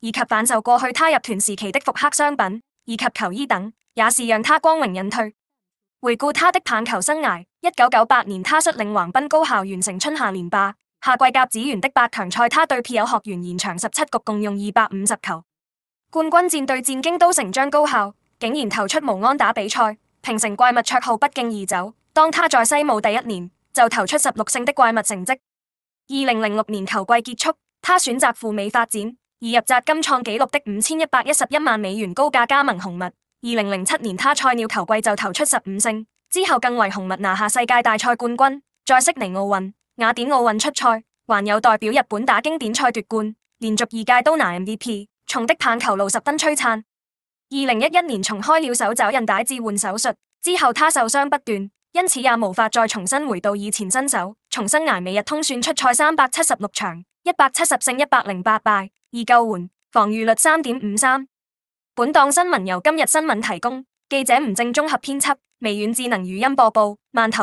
以及販售過去他入團時期的復刻商品以及球衣等，也是讓他光榮引退。回顧他的棒球生涯，一九九八年他率領橫濱高校完成春夏連霸，夏季甲子園的八強賽，他對 PL 學園延長十七局，共用二百五十球。冠軍戰對戰京都成章高校，竟然投出無安打比賽，平成怪物綽號不脛而走。當他在西武第一年就投出十六勝的怪物成績，二零零六年球季結束，他選擇赴美發展。而入札金創紀錄的五千一百一十一萬美元高價加盟紅襪。二零零七年，他菜鳥球季就投出十五勝，之後更為紅襪拿下世界大賽冠軍。在悉尼奧運、雅典奧運出賽，還有代表日本打經典賽奪冠，連續二屆都拿 MVP。重的棒球路十分璀璨。二零一一年，重開了手肘韌帶置換手術之後，他受傷不斷，因此也無法再重新回到以前身手。重生涯美日通算出賽三百七十六場，一百七十勝一百零八敗。易救援防禦率三點五三。本檔新聞由今日新聞提供，記者吳正綜合編輯。微軟智能語音播報，饅頭。